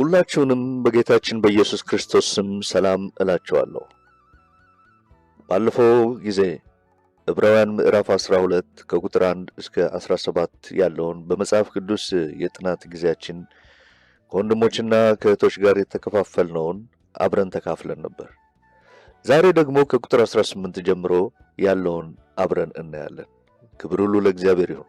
ሁላችሁንም በጌታችን በኢየሱስ ክርስቶስ ስም ሰላም እላችኋለሁ። ባለፈው ጊዜ ዕብራውያን ምዕራፍ 12 ከቁጥር 1 እስከ 17 ያለውን በመጽሐፍ ቅዱስ የጥናት ጊዜያችን ከወንድሞችና ከእህቶች ጋር የተከፋፈልነውን አብረን ተካፍለን ነበር። ዛሬ ደግሞ ከቁጥር 18 ጀምሮ ያለውን አብረን እናያለን። ክብር ሁሉ ለእግዚአብሔር ይሁን።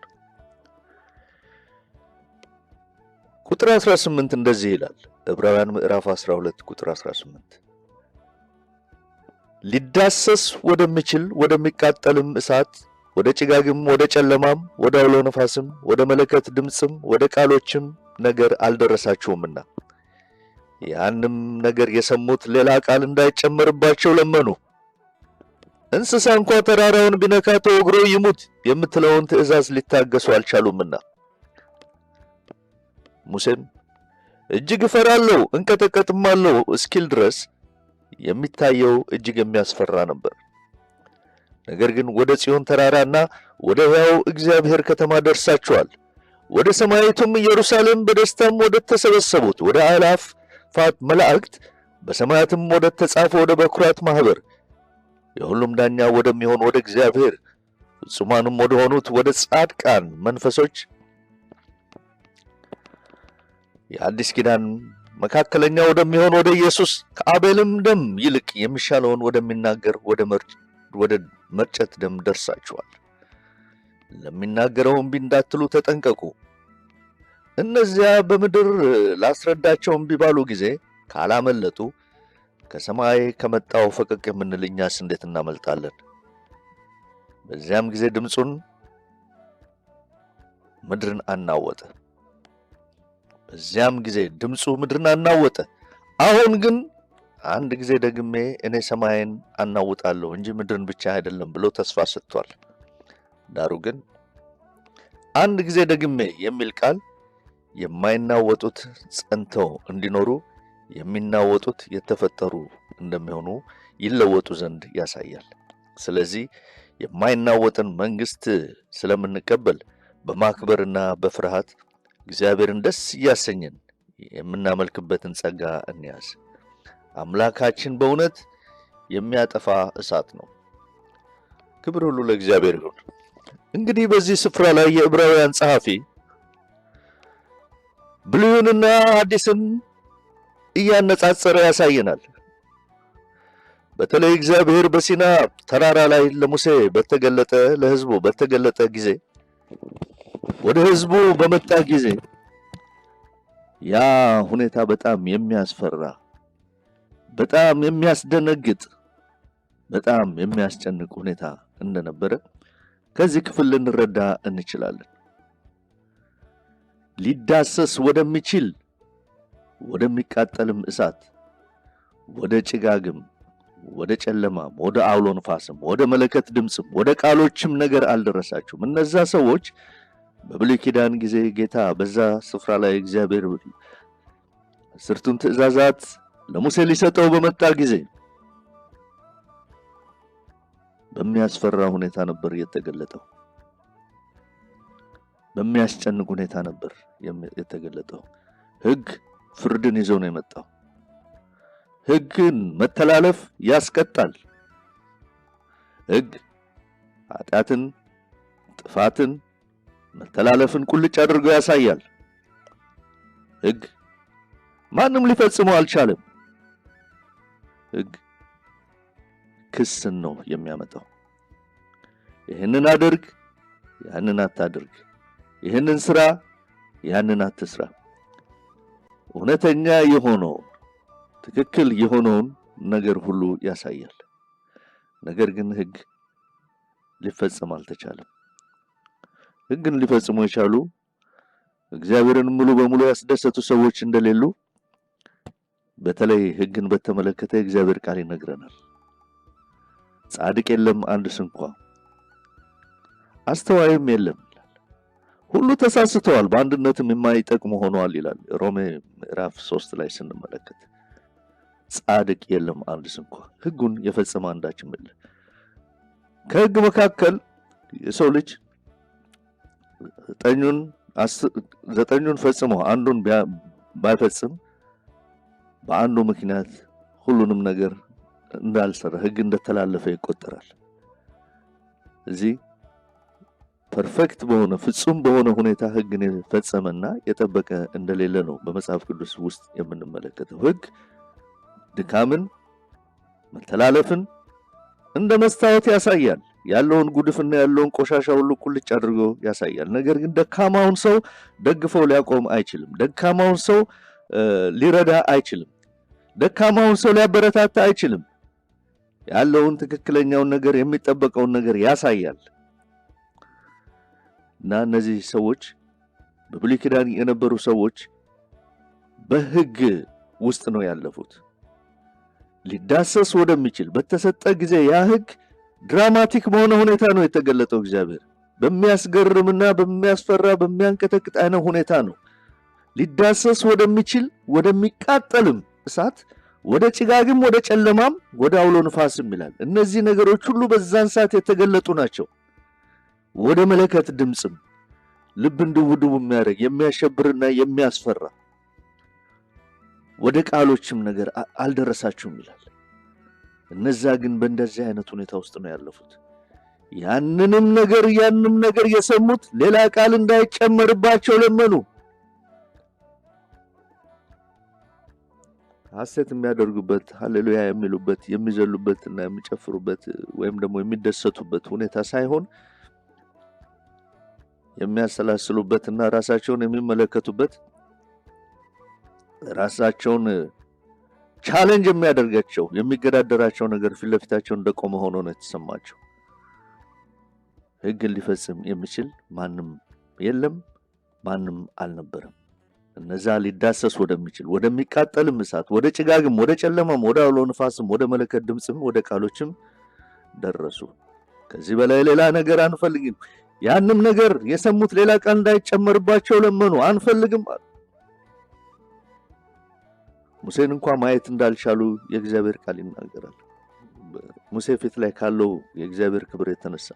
ቁጥር 18 እንደዚህ ይላል። ዕብራውያን ምዕራፍ 12 ቁጥር 18 ሊዳሰስ ወደሚችል ወደሚቃጠልም እሳት ወደ ጭጋግም ወደ ጨለማም ወደ አውሎ ነፋስም ወደ መለከት ድምፅም ወደ ቃሎችም ነገር አልደረሳችሁምና ያንም ነገር የሰሙት ሌላ ቃል እንዳይጨመርባቸው ለመኑ። እንስሳ እንኳ ተራራውን ቢነካ ተወግሮ ይሙት የምትለውን ትእዛዝ ሊታገሱ አልቻሉምና ሙሴም እጅግ እፈራለሁ እንቀጠቀጥማለሁ እስኪል ድረስ የሚታየው እጅግ የሚያስፈራ ነበር። ነገር ግን ወደ ጽዮን ተራራና ወደ ሕያው እግዚአብሔር ከተማ ደርሳችኋል፣ ወደ ሰማያዊቱም ኢየሩሳሌም በደስታም ወደ ተሰበሰቡት ወደ አእላፋት መላእክት በሰማያትም ወደ ተጻፈ ወደ በኩራት ማኅበር የሁሉም ዳኛ ወደሚሆን ወደ እግዚአብሔር ፍጹማንም ወደ ሆኑት ወደ ጻድቃን መንፈሶች የአዲስ ኪዳን መካከለኛ ወደሚሆን ወደ ኢየሱስ ከአቤልም ደም ይልቅ የሚሻለውን ወደሚናገር ወደ መርጨት ደም ደርሳችኋል። ለሚናገረው እምቢ እንዳትሉ ተጠንቀቁ። እነዚያ በምድር ላስረዳቸው እምቢ ባሉ ጊዜ ካላመለጡ ከሰማይ ከመጣው ፈቀቅ የምንል እኛስ እንዴት እናመልጣለን? በዚያም ጊዜ ድምፁን ምድርን አናወጠ። በዚያም ጊዜ ድምፁ ምድርን አናወጠ። አሁን ግን አንድ ጊዜ ደግሜ እኔ ሰማይን አናውጣለሁ እንጂ ምድርን ብቻ አይደለም ብሎ ተስፋ ሰጥቷል። ዳሩ ግን አንድ ጊዜ ደግሜ የሚል ቃል የማይናወጡት ጸንተው እንዲኖሩ የሚናወጡት የተፈጠሩ እንደሚሆኑ ይለወጡ ዘንድ ያሳያል። ስለዚህ የማይናወጥን መንግሥት ስለምንቀበል በማክበርና በፍርሃት እግዚአብሔርን ደስ እያሰኘን የምናመልክበትን ጸጋ እንያዝ። አምላካችን በእውነት የሚያጠፋ እሳት ነው። ክብር ሁሉ ለእግዚአብሔር ይሁን። እንግዲህ በዚህ ስፍራ ላይ የዕብራውያን ጸሐፊ ብሉይንና አዲስን እያነጻጸረ ያሳየናል። በተለይ እግዚአብሔር በሲና ተራራ ላይ ለሙሴ በተገለጠ ለሕዝቡ በተገለጠ ጊዜ ወደ ህዝቡ በመጣ ጊዜ ያ ሁኔታ በጣም የሚያስፈራ፣ በጣም የሚያስደነግጥ፣ በጣም የሚያስጨንቅ ሁኔታ እንደነበረ ከዚህ ክፍል ልንረዳ እንችላለን። ሊዳሰስ ወደሚችል ወደሚቃጠልም እሳት፣ ወደ ጭጋግም፣ ወደ ጨለማም፣ ወደ አውሎ ንፋስም፣ ወደ መለከት ድምፅም፣ ወደ ቃሎችም ነገር አልደረሳችሁም። እነዛ ሰዎች በብሉይ ኪዳን ጊዜ ጌታ በዛ ስፍራ ላይ እግዚአብሔር አስርቱን ትእዛዛት ለሙሴ ሊሰጠው በመጣ ጊዜ በሚያስፈራ ሁኔታ ነበር የተገለጠው። በሚያስጨንቅ ሁኔታ ነበር የተገለጠው። ሕግ ፍርድን ይዞ ነው የመጣው። ሕግን መተላለፍ ያስቀጣል። ሕግ ኃጢአትን፣ ጥፋትን መተላለፍን ቁልጭ አድርገው ያሳያል። ሕግ ማንም ሊፈጽመው አልቻለም። ሕግ ክስን ነው የሚያመጣው። ይህንን አድርግ፣ ያንን አታድርግ፣ ይህንን ስራ፣ ያንን አትስራ። እውነተኛ የሆነውን ትክክል የሆነውን ነገር ሁሉ ያሳያል። ነገር ግን ሕግ ሊፈጸም አልተቻለም። ሕግን ሊፈጽሙ የቻሉ እግዚአብሔርን ሙሉ በሙሉ ያስደሰቱ ሰዎች እንደሌሉ በተለይ ሕግን በተመለከተ የእግዚአብሔር ቃል ይነግረናል። ጻድቅ የለም አንድ ስንኳ፣ አስተዋይም የለም ይላል። ሁሉ ተሳስተዋል፣ በአንድነትም የማይጠቅሙ ሆነዋል ይላል ሮሜ ምዕራፍ ሶስት ላይ ስንመለከት ጻድቅ የለም አንድ ስንኳ፣ ሕጉን የፈጸመ አንዳችም የለ። ከሕግ መካከል የሰው ልጅ ጠኙን ዘጠኙን ፈጽሞ አንዱን ባይፈጽም በአንዱ ምክንያት ሁሉንም ነገር እንዳልሰራ ህግ እንደተላለፈ ይቆጠራል። እዚህ ፐርፌክት በሆነ ፍጹም በሆነ ሁኔታ ህግን የፈጸመና የጠበቀ እንደሌለ ነው በመጽሐፍ ቅዱስ ውስጥ የምንመለከተው። ህግ ድካምን፣ መተላለፍን እንደ መስታወት ያሳያል። ያለውን ጉድፍና ያለውን ቆሻሻ ሁሉ ቁልጭ አድርጎ ያሳያል። ነገር ግን ደካማውን ሰው ደግፈው ሊያቆም አይችልም። ደካማውን ሰው ሊረዳ አይችልም። ደካማውን ሰው ሊያበረታታ አይችልም። ያለውን ትክክለኛውን ነገር የሚጠበቀውን ነገር ያሳያል እና እነዚህ ሰዎች በብሉይ ኪዳን የነበሩ ሰዎች በሕግ ውስጥ ነው ያለፉት። ሊዳሰስ ወደሚችል በተሰጠ ጊዜ ያ ሕግ ድራማቲክ በሆነ ሁኔታ ነው የተገለጠው። እግዚአብሔር በሚያስገርምና በሚያስፈራ በሚያንቀጠቅጥ አይነት ሁኔታ ነው ሊዳሰስ ወደሚችል ወደሚቃጠልም እሳት ወደ ጭጋግም ወደ ጨለማም ወደ አውሎ ንፋስም ይላል። እነዚህ ነገሮች ሁሉ በዛን ሰዓት የተገለጡ ናቸው። ወደ መለከት ድምፅም ልብ እንድውድቡ የሚያደርግ የሚያሸብርና የሚያስፈራ ወደ ቃሎችም ነገር አልደረሳችሁም ይላል። እነዛ ግን በእንደዚህ አይነት ሁኔታ ውስጥ ነው ያለፉት። ያንንም ነገር ያንም ነገር የሰሙት ሌላ ቃል እንዳይጨመርባቸው ለመኑ። ሐሴት የሚያደርጉበት ሀሌሉያ የሚሉበት የሚዘሉበት እና የሚጨፍሩበት ወይም ደግሞ የሚደሰቱበት ሁኔታ ሳይሆን የሚያሰላስሉበት እና ራሳቸውን የሚመለከቱበት ራሳቸውን ቻሌንጅ የሚያደርጋቸው የሚገዳደራቸው ነገር ፊት ለፊታቸው እንደቆመ ሆኖ ነው የተሰማቸው። ህግን ሊፈጽም የሚችል ማንም የለም፣ ማንም አልነበረም። እነዛ ሊዳሰስ ወደሚችል ወደሚቃጠልም እሳት፣ ወደ ጭጋግም፣ ወደ ጨለማም፣ ወደ አውሎ ንፋስም፣ ወደ መለከት ድምፅም፣ ወደ ቃሎችም ደረሱ። ከዚህ በላይ ሌላ ነገር አንፈልግም። ያንም ነገር የሰሙት ሌላ ቃል እንዳይጨመርባቸው ለመኑ። አንፈልግም አሉ። ሙሴን እንኳ ማየት እንዳልቻሉ የእግዚአብሔር ቃል ይናገራል። ሙሴ ፊት ላይ ካለው የእግዚአብሔር ክብር የተነሳ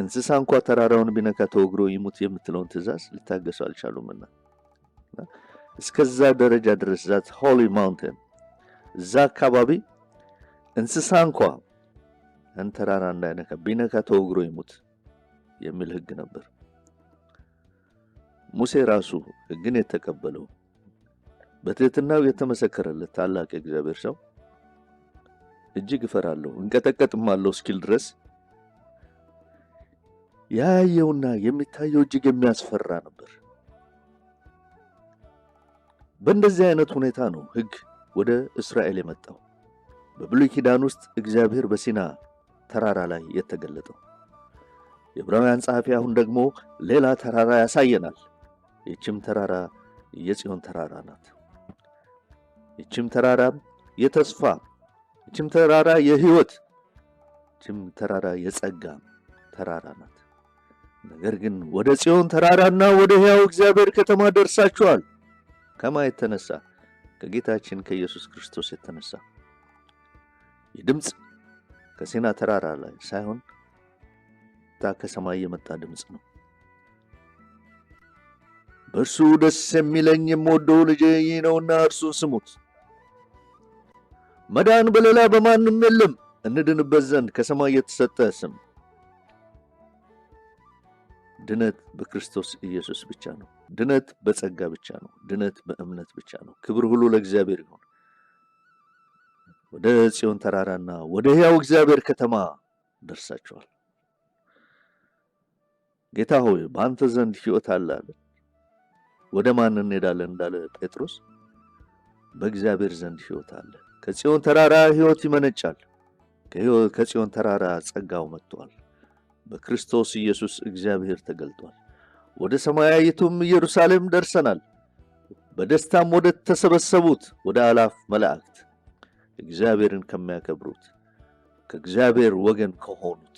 እንስሳ እንኳ ተራራውን ቢነካ ተወግሮ ይሙት የምትለውን ትእዛዝ ሊታገሱ አልቻሉምና እስከዛ ደረጃ ድረስ ዛት ሆሊ ማውንቴን እዛ አካባቢ እንስሳ እንኳ ያን ተራራ እንዳይነካ ቢነካ ተወግሮ ይሙት የሚል ህግ ነበር። ሙሴ ራሱ ህግን የተቀበለው በትህትናው የተመሰከረለት ታላቅ የእግዚአብሔር ሰው እጅግ እፈራለሁ እንቀጠቀጥማለሁ እስኪል ድረስ ያየውና የሚታየው እጅግ የሚያስፈራ ነበር። በእንደዚህ አይነት ሁኔታ ነው ሕግ ወደ እስራኤል የመጣው። በብሉይ ኪዳን ውስጥ እግዚአብሔር በሲና ተራራ ላይ የተገለጠው የዕብራውያን ጸሐፊ አሁን ደግሞ ሌላ ተራራ ያሳየናል። ይህችም ተራራ የጽዮን ተራራ ናት። ይችም ተራራ የተስፋ ይችም ተራራ የህይወት ይችም ተራራ የጸጋ ተራራ ናት። ነገር ግን ወደ ጽዮን ተራራና ወደ ሕያው እግዚአብሔር ከተማ ደርሳችኋል። ከማ የተነሳ ከጌታችን ከኢየሱስ ክርስቶስ የተነሳ የድምፅ ከሲና ተራራ ላይ ሳይሆን ታ ከሰማይ የመጣ ድምፅ ነው። በእርሱ ደስ የሚለኝ የምወደው ልጄ ይህ ነውና እርሱን ስሙት። መዳን በሌላ በማንም የለም እንድንበት ዘንድ ከሰማይ የተሰጠ ስም። ድነት በክርስቶስ ኢየሱስ ብቻ ነው። ድነት በጸጋ ብቻ ነው። ድነት በእምነት ብቻ ነው። ክብር ሁሉ ለእግዚአብሔር ይሁን። ወደ ጽዮን ተራራና ወደ ሕያው እግዚአብሔር ከተማ ደርሳችኋል። ጌታ ሆይ በአንተ ዘንድ ሕይወት አለ አለ። ወደ ማን እንሄዳለን እንዳለ ጴጥሮስ፣ በእግዚአብሔር ዘንድ ሕይወት አለ። ከጽዮን ተራራ ሕይወት ይመነጫል። ከጽዮን ተራራ ጸጋው መጥቷል። በክርስቶስ ኢየሱስ እግዚአብሔር ተገልጧል። ወደ ሰማያዊቱም ኢየሩሳሌም ደርሰናል። በደስታም ወደ ተሰበሰቡት ወደ አላፍ መላእክት እግዚአብሔርን ከሚያከብሩት ከእግዚአብሔር ወገን ከሆኑት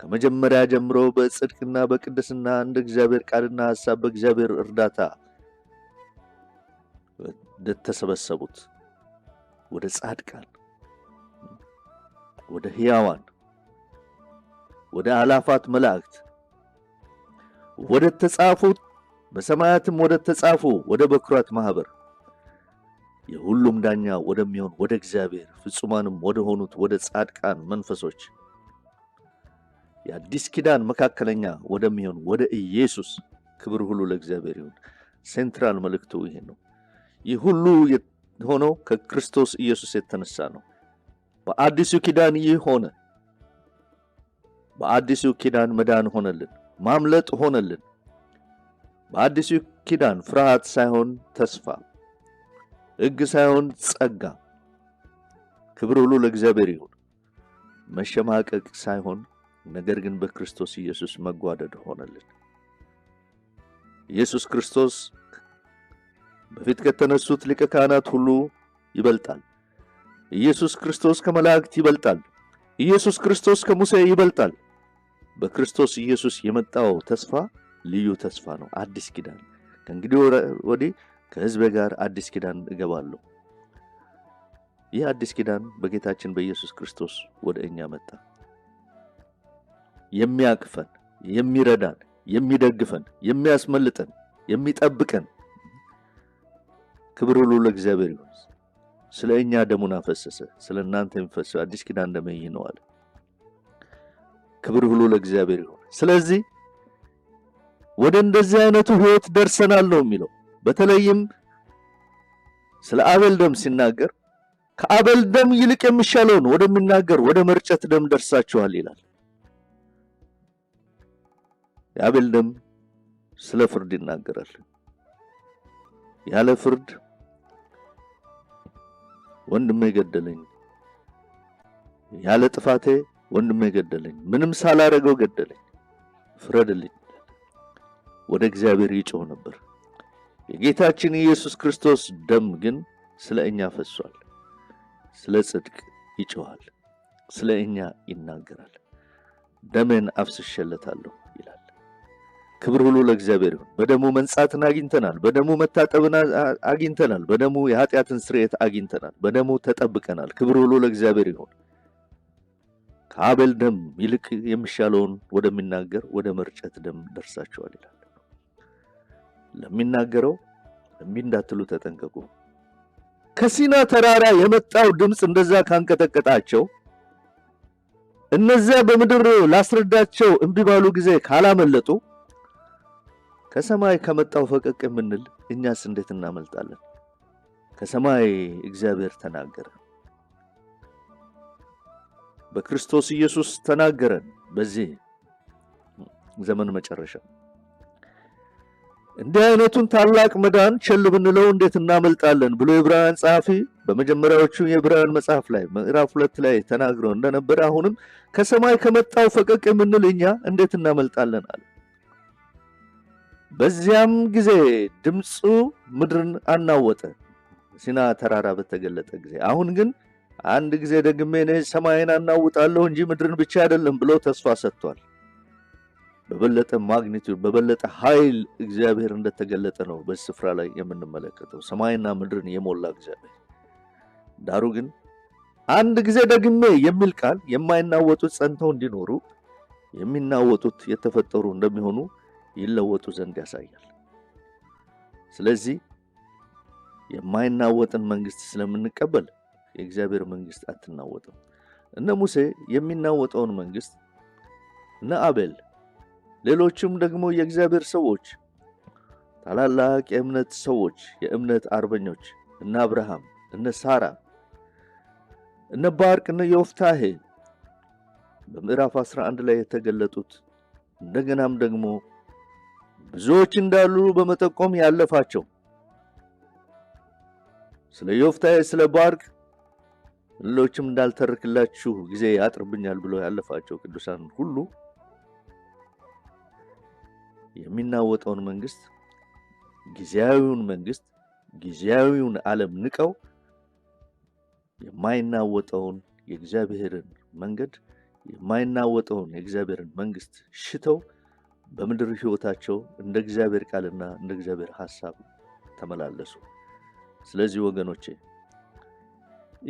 ከመጀመሪያ ጀምሮ በጽድቅና በቅድስና እንደ እግዚአብሔር ቃልና ሐሳብ በእግዚአብሔር እርዳታ እንደተሰበሰቡት ወደ ጻድቃን፣ ወደ ሕያዋን፣ ወደ አላፋት መላእክት ወደ ተጻፉት በሰማያትም ወደ ተጻፉ ወደ በኩራት ማኅበር የሁሉም ዳኛ ወደሚሆን ወደ እግዚአብሔር ፍጹማንም ወደ ሆኑት ወደ ጻድቃን መንፈሶች የአዲስ ኪዳን መካከለኛ ወደሚሆን ወደ ኢየሱስ ክብር ሁሉ ለእግዚአብሔር ይሁን። ሴንትራል መልእክቱ ይሄ ነው። ይህ ሁሉ ሆነው ከክርስቶስ ኢየሱስ የተነሳ ነው። በአዲሱ ኪዳን ይህ ሆነ። በአዲሱ ኪዳን መዳን ሆነልን፣ ማምለጥ ሆነልን። በአዲሱ ኪዳን ፍርሃት ሳይሆን ተስፋ፣ ሕግ ሳይሆን ጸጋ። ክብር ሁሉ ለእግዚአብሔር ይሁን። መሸማቀቅ ሳይሆን ነገር ግን በክርስቶስ ኢየሱስ መጓደድ ሆነልን። ኢየሱስ ክርስቶስ በፊት ከተነሱት ሊቀ ካህናት ሁሉ ይበልጣል። ኢየሱስ ክርስቶስ ከመላእክት ይበልጣል። ኢየሱስ ክርስቶስ ከሙሴ ይበልጣል። በክርስቶስ ኢየሱስ የመጣው ተስፋ ልዩ ተስፋ ነው። አዲስ ኪዳን ከእንግዲህ ወዲህ ከሕዝቤ ጋር አዲስ ኪዳን እገባለሁ። ይህ አዲስ ኪዳን በጌታችን በኢየሱስ ክርስቶስ ወደ እኛ መጣ። የሚያቅፈን፣ የሚረዳን፣ የሚደግፈን፣ የሚያስመልጠን፣ የሚጠብቀን ክብር ሁሉ ለእግዚአብሔር ይሁን። ስለ እኛ ደሙን አፈሰሰ፣ ስለ እናንተ የሚፈሰው አዲስ ኪዳን ደሜ ነው አለ። ክብር ሁሉ ለእግዚአብሔር ይሁን። ስለዚህ ወደ እንደዚህ አይነቱ ህይወት ደርሰናል ነው የሚለው። በተለይም ስለ አቤል ደም ሲናገር ከአቤል ደም ይልቅ የሚሻለውን ወደሚናገር ወደ መርጨት ደም ደርሳችኋል ይላል። የአቤል ደም ስለ ፍርድ ይናገራል። ያለ ፍርድ ወንድሜ ገደለኝ፣ ያለ ጥፋቴ ወንድሜ ገደለኝ፣ ምንም ሳላረገው ገደለኝ፣ ፍረድልኝ ወደ እግዚአብሔር ይጮህ ነበር። የጌታችን ኢየሱስ ክርስቶስ ደም ግን ስለ እኛ ፈሷል። ስለ ጽድቅ ይጮሃል፣ ስለ እኛ ይናገራል። ደሜን አፍስሼለታለሁ ክብር ሁሉ ለእግዚአብሔር ይሁን። በደሙ መንጻትን አግኝተናል። በደሙ መታጠብን አግኝተናል። በደሙ የኃጢአትን ስርየት አግኝተናል። በደሙ ተጠብቀናል። ክብር ሁሉ ለእግዚአብሔር ይሁን። ከአቤል ደም ይልቅ የሚሻለውን ወደሚናገር ወደ መርጨት ደም ደርሳቸዋል ይላል። ለሚናገረው እምቢ እንዳትሉ ተጠንቀቁ። ከሲና ተራራ የመጣው ድምፅ እንደዛ ካንቀጠቀጣቸው እነዚያ በምድር ላስረዳቸው እምቢ ባሉ ጊዜ ካላመለጡ ከሰማይ ከመጣው ፈቀቅ የምንል እኛስ እንዴት እናመልጣለን? ከሰማይ እግዚአብሔር ተናገረ፣ በክርስቶስ ኢየሱስ ተናገረን። በዚህ ዘመን መጨረሻ እንዲህ አይነቱን ታላቅ መዳን ቸል ብንለው እንዴት እናመልጣለን ብሎ የዕብራውያን ጸሐፊ በመጀመሪያዎቹ የዕብራውያን መጽሐፍ ላይ ምዕራፍ ሁለት ላይ ተናግረው እንደነበረ አሁንም ከሰማይ ከመጣው ፈቀቅ የምንል እኛ እንዴት እናመልጣለን አለ። በዚያም ጊዜ ድምፁ ምድርን አናወጠ፣ ሲና ተራራ በተገለጠ ጊዜ። አሁን ግን አንድ ጊዜ ደግሜ እኔ ሰማይን አናውጣለሁ እንጂ ምድርን ብቻ አይደለም ብሎ ተስፋ ሰጥቷል። በበለጠ ማግኒቱድ በበለጠ ኃይል እግዚአብሔር እንደተገለጠ ነው በዚህ ስፍራ ላይ የምንመለከተው ሰማይና ምድርን የሞላ እግዚአብሔር። ዳሩ ግን አንድ ጊዜ ደግሜ የሚል ቃል የማይናወጡት ጸንተው እንዲኖሩ የሚናወጡት የተፈጠሩ እንደሚሆኑ ይለወጡ ዘንድ ያሳያል። ስለዚህ የማይናወጥን መንግስት ስለምንቀበል የእግዚአብሔር መንግስት አትናወጥም። እነ ሙሴ የሚናወጠውን መንግስት እነ አቤል፣ ሌሎችም ደግሞ የእግዚአብሔር ሰዎች ታላላቅ የእምነት ሰዎች የእምነት አርበኞች እነ አብርሃም፣ እነ ሳራ፣ እነ ባርቅ፣ እነ ዮፍታሄ በምዕራፍ 11 ላይ የተገለጡት እንደገናም ደግሞ ብዙዎች እንዳሉ በመጠቆም ያለፋቸው ስለ ዮፍታ፣ ስለ ባርቅ ሌሎችም እንዳልተርክላችሁ ጊዜ ያጥርብኛል ብሎ ያለፋቸው ቅዱሳን ሁሉ የሚናወጠውን መንግስት፣ ጊዜያዊውን መንግስት፣ ጊዜያዊውን ዓለም ንቀው የማይናወጠውን የእግዚአብሔርን መንገድ የማይናወጠውን የእግዚአብሔርን መንግስት ሽተው በምድር ሕይወታቸው እንደ እግዚአብሔር ቃልና እንደ እግዚአብሔር ሐሳብ ተመላለሱ። ስለዚህ ወገኖቼ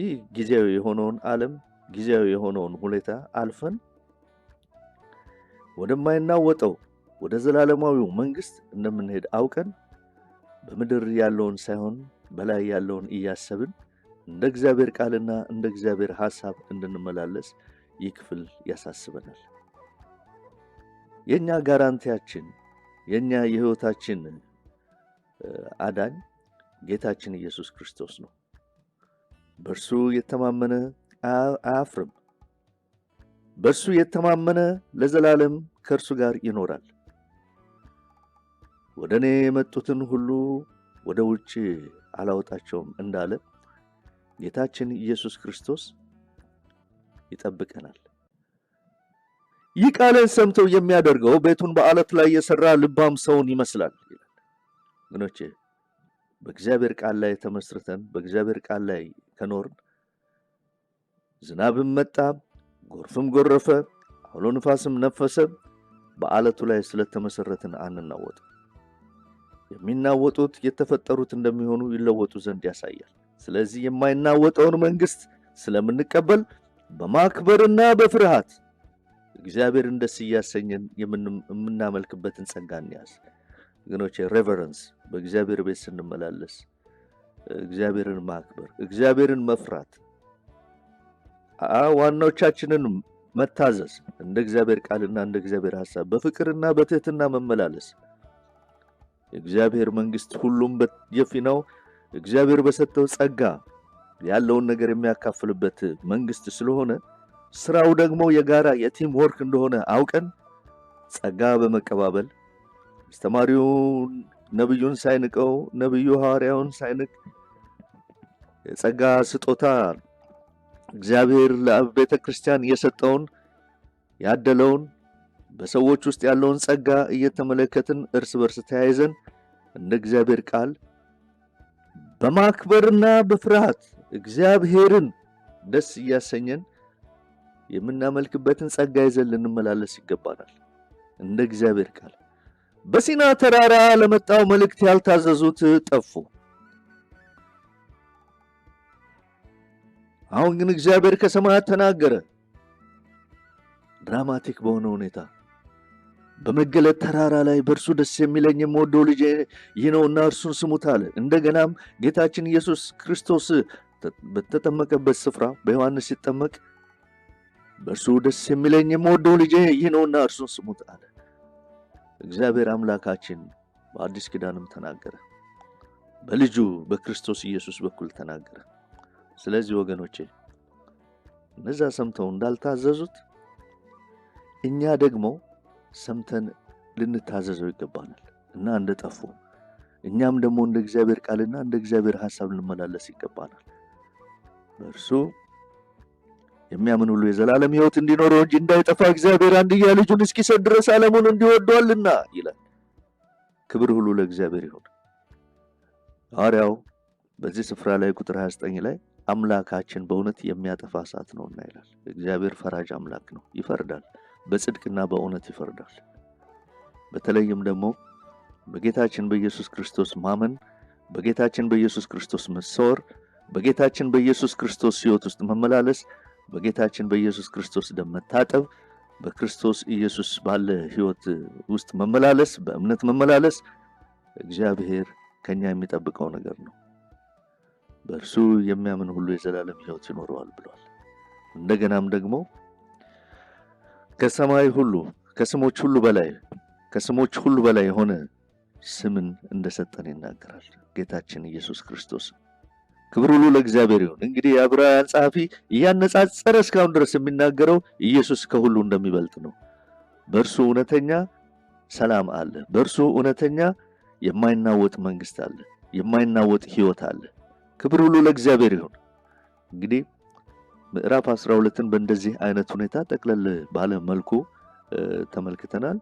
ይህ ጊዜያዊ የሆነውን ዓለም ጊዜያዊ የሆነውን ሁኔታ አልፈን ወደማይናወጠው ወደ ዘላለማዊው መንግሥት እንደምንሄድ አውቀን በምድር ያለውን ሳይሆን በላይ ያለውን እያሰብን እንደ እግዚአብሔር ቃልና እንደ እግዚአብሔር ሐሳብ እንድንመላለስ ይህ ክፍል ያሳስበናል። የእኛ ጋራንቲያችን የእኛ የሕይወታችን አዳኝ ጌታችን ኢየሱስ ክርስቶስ ነው። በእርሱ የተማመነ አያፍርም። በእርሱ የተማመነ ለዘላለም ከእርሱ ጋር ይኖራል። ወደ እኔ የመጡትን ሁሉ ወደ ውጭ አላወጣቸውም እንዳለ ጌታችን ኢየሱስ ክርስቶስ ይጠብቀናል። ይህ ቃልን ሰምተው የሚያደርገው ቤቱን በአለት ላይ የሰራ ልባም ሰውን ይመስላል ግኖቼ በእግዚአብሔር ቃል ላይ ተመስርተን በእግዚአብሔር ቃል ላይ ከኖርን ዝናብም መጣ ጎርፍም ጎረፈ አውሎ ንፋስም ነፈሰ በአለቱ ላይ ስለተመሰረትን አንናወጥ የሚናወጡት የተፈጠሩት እንደሚሆኑ ይለወጡ ዘንድ ያሳያል ስለዚህ የማይናወጠውን መንግስት ስለምንቀበል በማክበርና በፍርሃት እግዚአብሔርን ደስ እያሰኘን የምናመልክበትን ጸጋ እንያዝ ግኖች ሬቨረንስ በእግዚአብሔር ቤት ስንመላለስ እግዚአብሔርን ማክበር፣ እግዚአብሔርን መፍራት፣ ዋናዎቻችንን መታዘዝ፣ እንደ እግዚአብሔር ቃልና እንደ እግዚአብሔር ሀሳብ በፍቅርና በትህትና መመላለስ የእግዚአብሔር መንግስት ሁሉም በየፊ ነው። እግዚአብሔር በሰጠው ጸጋ ያለውን ነገር የሚያካፍልበት መንግስት ስለሆነ ስራው ደግሞ የጋራ የቲም ወርክ እንደሆነ አውቀን ጸጋ በመቀባበል አስተማሪውን ነብዩን ሳይንቀው ነብዩ ሐዋርያውን ሳይንቅ የጸጋ ስጦታ እግዚአብሔር ለአብ ቤተ ክርስቲያን የሰጠውን ያደለውን በሰዎች ውስጥ ያለውን ጸጋ እየተመለከትን እርስ በርስ ተያይዘን እንደ እግዚአብሔር ቃል በማክበርና በፍርሃት እግዚአብሔርን ደስ እያሰኘን የምናመልክበትን ጸጋ ይዘን ልንመላለስ ይገባናል። እንደ እግዚአብሔር ቃል በሲና ተራራ ለመጣው መልእክት ያልታዘዙት ጠፉ። አሁን ግን እግዚአብሔር ከሰማያት ተናገረ። ድራማቲክ በሆነ ሁኔታ በመገለጥ ተራራ ላይ በእርሱ ደስ የሚለኝ የምወደው ልጅ ይህ ነውና እርሱን ስሙት አለ። እንደገናም ጌታችን ኢየሱስ ክርስቶስ በተጠመቀበት ስፍራ በዮሐንስ ሲጠመቅ በእርሱ ደስ የሚለኝ የምወደው ልጄ ይህ ነውና እርሱን ስሙት አለ። እግዚአብሔር አምላካችን በአዲስ ኪዳንም ተናገረ፣ በልጁ በክርስቶስ ኢየሱስ በኩል ተናገረ። ስለዚህ ወገኖቼ እነዛ ሰምተው እንዳልታዘዙት እኛ ደግሞ ሰምተን ልንታዘዘው ይገባናል እና እንደጠፉ እኛም ደግሞ እንደ እግዚአብሔር ቃልና እንደ እግዚአብሔር ሐሳብ ልንመላለስ ይገባናል በእርሱ የሚያምን ሁሉ የዘላለም ሕይወት እንዲኖረው እንጂ እንዳይጠፋ እግዚአብሔር አንድያ ልጁን እስኪሰጥ ድረስ ዓለሙን እንዲወዷልና ይላል። ክብር ሁሉ ለእግዚአብሔር ይሁን። ሐዋርያው በዚህ ስፍራ ላይ ቁጥር 29 ላይ አምላካችን በእውነት የሚያጠፋ እሳት ነውና ይላል። እግዚአብሔር ፈራጅ አምላክ ነው፣ ይፈርዳል። በጽድቅና በእውነት ይፈርዳል። በተለይም ደግሞ በጌታችን በኢየሱስ ክርስቶስ ማመን፣ በጌታችን በኢየሱስ ክርስቶስ መሰወር፣ በጌታችን በኢየሱስ ክርስቶስ ሕይወት ውስጥ መመላለስ በጌታችን በኢየሱስ ክርስቶስ ደም መታጠብ በክርስቶስ ኢየሱስ ባለ ሕይወት ውስጥ መመላለስ፣ በእምነት መመላለስ እግዚአብሔር ከኛ የሚጠብቀው ነገር ነው። በእርሱ የሚያምን ሁሉ የዘላለም ሕይወት ይኖረዋል ብሏል። እንደገናም ደግሞ ከሰማይ ሁሉ ከስሞች ሁሉ በላይ ከስሞች ሁሉ በላይ የሆነ ስምን እንደሰጠን ይናገራል ጌታችን ኢየሱስ ክርስቶስ ክብር ሁሉ ለእግዚአብሔር ይሁን። እንግዲህ የዕብራውያን ጸሐፊ እያነጻጸረ እስካሁን ድረስ የሚናገረው ኢየሱስ ከሁሉ እንደሚበልጥ ነው። በእርሱ እውነተኛ ሰላም አለ። በእርሱ እውነተኛ የማይናወጥ መንግስት አለ፣ የማይናወጥ ህይወት አለ። ክብር ሁሉ ለእግዚአብሔር ይሁን። እንግዲህ ምዕራፍ 12ን በእንደዚህ አይነት ሁኔታ ጠቅለል ባለ መልኩ ተመልክተናል።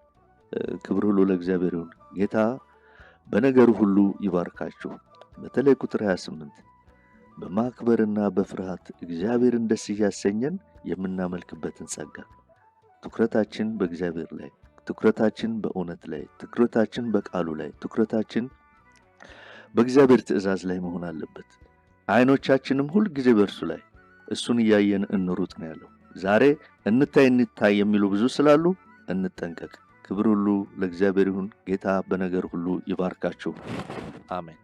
ክብር ሁሉ ለእግዚአብሔር ይሁን። ጌታ በነገር ሁሉ ይባርካችሁ። በተለይ ቁጥር 28 በማክበርና በፍርሃት እግዚአብሔርን ደስ እያሰኘን የምናመልክበትን ጸጋ ትኩረታችን በእግዚአብሔር ላይ ትኩረታችን በእውነት ላይ ትኩረታችን በቃሉ ላይ ትኩረታችን በእግዚአብሔር ትእዛዝ ላይ መሆን አለበት። አይኖቻችንም ሁል ጊዜ በእርሱ ላይ እሱን እያየን እንሩጥ ነው ያለው። ዛሬ እንታይ እንታይ የሚሉ ብዙ ስላሉ እንጠንቀቅ። ክብር ሁሉ ለእግዚአብሔር ይሁን። ጌታ በነገር ሁሉ ይባርካችሁ። አሜን።